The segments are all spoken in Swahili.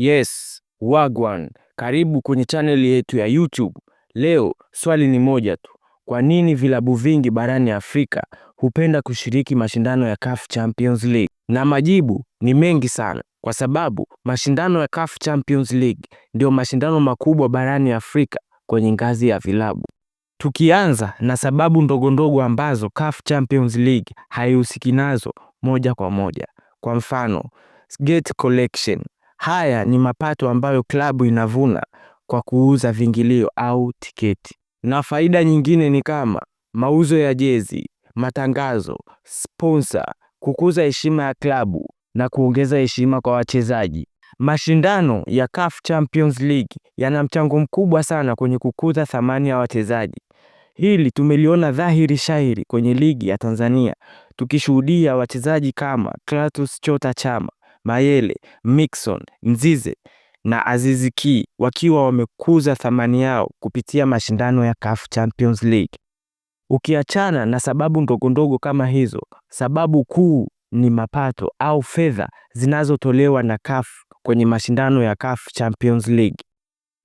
Yes, wagwan, karibu kwenye chaneli yetu ya YouTube. Leo swali ni moja tu, kwa nini vilabu vingi barani Afrika hupenda kushiriki mashindano ya CAF Champions League? Na majibu ni mengi sana, kwa sababu mashindano ya CAF Champions League ndio mashindano makubwa barani Afrika kwenye ngazi ya vilabu. Tukianza na sababu ndogondogo ambazo CAF Champions League haihusiki nazo moja kwa moja, kwa mfano gate collection Haya ni mapato ambayo klabu inavuna kwa kuuza vingilio au tiketi, na faida nyingine ni kama mauzo ya jezi, matangazo, sponsor, kukuza heshima ya klabu na kuongeza heshima kwa wachezaji. Mashindano ya CAF Champions League yana mchango mkubwa sana kwenye kukuza thamani ya wachezaji. Hili tumeliona dhahiri shahiri kwenye ligi ya Tanzania, tukishuhudia wachezaji kama Clatous Chota Chama Mayele, Mixon, Mzize na Azizi Ki wakiwa wamekuza thamani yao kupitia mashindano ya CAF Champions League. Ukiachana na sababu ndogondogo kama hizo, sababu kuu ni mapato au fedha zinazotolewa na CAF kwenye mashindano ya CAF Champions League.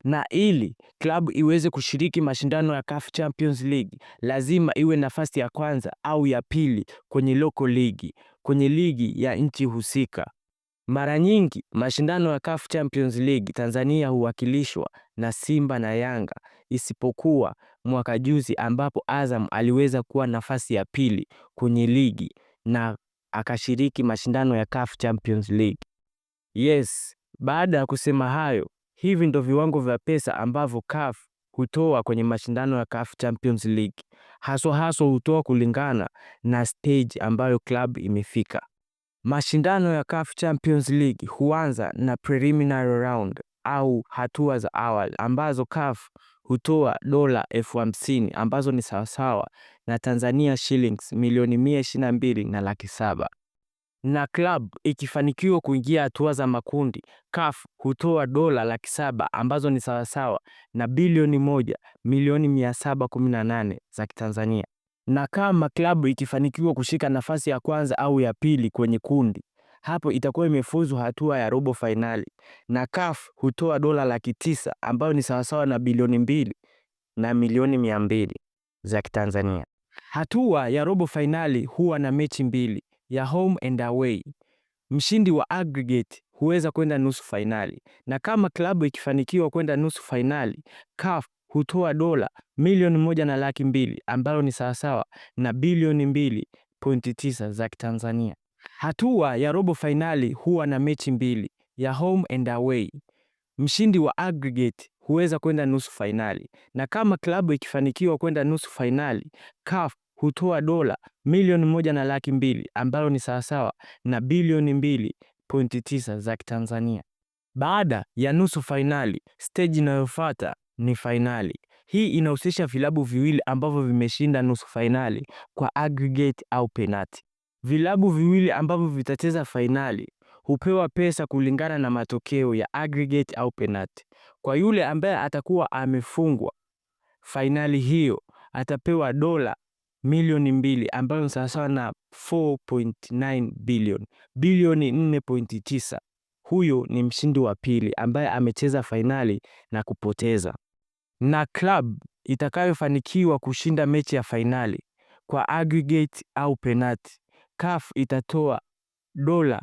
Na ili klabu iweze kushiriki mashindano ya CAF Champions League lazima iwe nafasi ya kwanza au ya pili kwenye local league, kwenye ligi ya nchi husika. Mara nyingi mashindano ya CAF Champions League Tanzania huwakilishwa na Simba na Yanga isipokuwa mwaka juzi ambapo Azam aliweza kuwa nafasi ya pili kwenye ligi na akashiriki mashindano ya CAF Champions League. Yes, baada ya kusema hayo, hivi ndo viwango vya pesa ambavyo CAF hutoa kwenye mashindano ya CAF Champions League. Haswa haswa hutoa kulingana na stage ambayo club imefika. Mashindano ya CAF Champions League huanza na preliminary round au hatua za awali ambazo CAF hutoa dola elfu hamsini ambazo ni sawasawa na Tanzania shillings milioni mia ishirini na mbili na laki saba na klabu ikifanikiwa kuingia hatua za makundi CAF hutoa dola laki saba ambazo ni sawasawa na bilioni moja milioni mia saba kumi na nane za Kitanzania na kama klabu ikifanikiwa kushika nafasi ya kwanza au ya pili kwenye kundi, hapo itakuwa imefuzu hatua ya robo fainali, na CAF hutoa dola laki tisa ambayo ni sawasawa na bilioni mbili na milioni mia mbili za Kitanzania. Hatua ya robo fainali huwa na mechi mbili ya home and away. Mshindi wa aggregate huweza kwenda nusu fainali, na kama klabu ikifanikiwa kwenda nusu fainali, CAF hutoa dola milioni moja na laki mbili ambayo ni sawasawa na bilioni mbili pointi tisa za Kitanzania. Hatua ya robo fainali huwa na mechi mbili ya home and away. Mshindi wa aggregate huweza kwenda nusu fainali, na kama klabu ikifanikiwa kwenda nusu fainali, CAF hutoa dola milioni moja na laki mbili ambayo ni sawasawa na bilioni mbili pointi tisa za Kitanzania. Baada ya nusu fainali, steji inayofuata ni fainali. Hii inahusisha vilabu viwili ambavyo vimeshinda nusu fainali kwa aggregate au penati. Vilabu viwili ambavyo vitacheza fainali hupewa pesa kulingana na matokeo ya aggregate au penati. Kwa yule ambaye atakuwa amefungwa fainali hiyo atapewa dola milioni mbili ambayo sawasawa na 4.9 bilioni bilioni 4.9. Huyo ni mshindi wa pili ambaye amecheza fainali na kupoteza na club itakayofanikiwa kushinda mechi ya fainali kwa aggregate au penati, CAF itatoa dola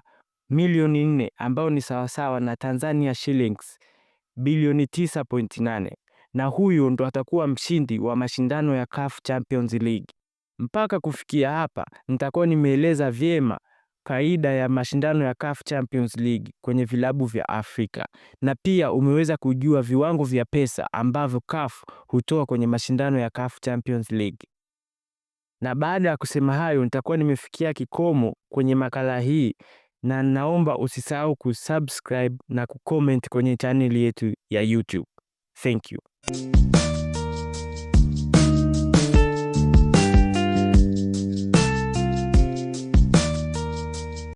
milioni 4 ambayo ni sawasawa na Tanzania shillings bilioni 9.8 na huyu ndo atakuwa mshindi wa mashindano ya CAF Champions League. Mpaka kufikia hapa nitakuwa nimeeleza vyema kawaida ya mashindano ya CAF Champions League kwenye vilabu vya Afrika na pia umeweza kujua viwango vya pesa ambavyo CAF hutoa kwenye mashindano ya CAF Champions League. Na baada ya kusema hayo, nitakuwa nimefikia kikomo kwenye makala hii, na naomba usisahau kusubscribe na kucomment kwenye chaneli yetu ya YouTube. Thank you.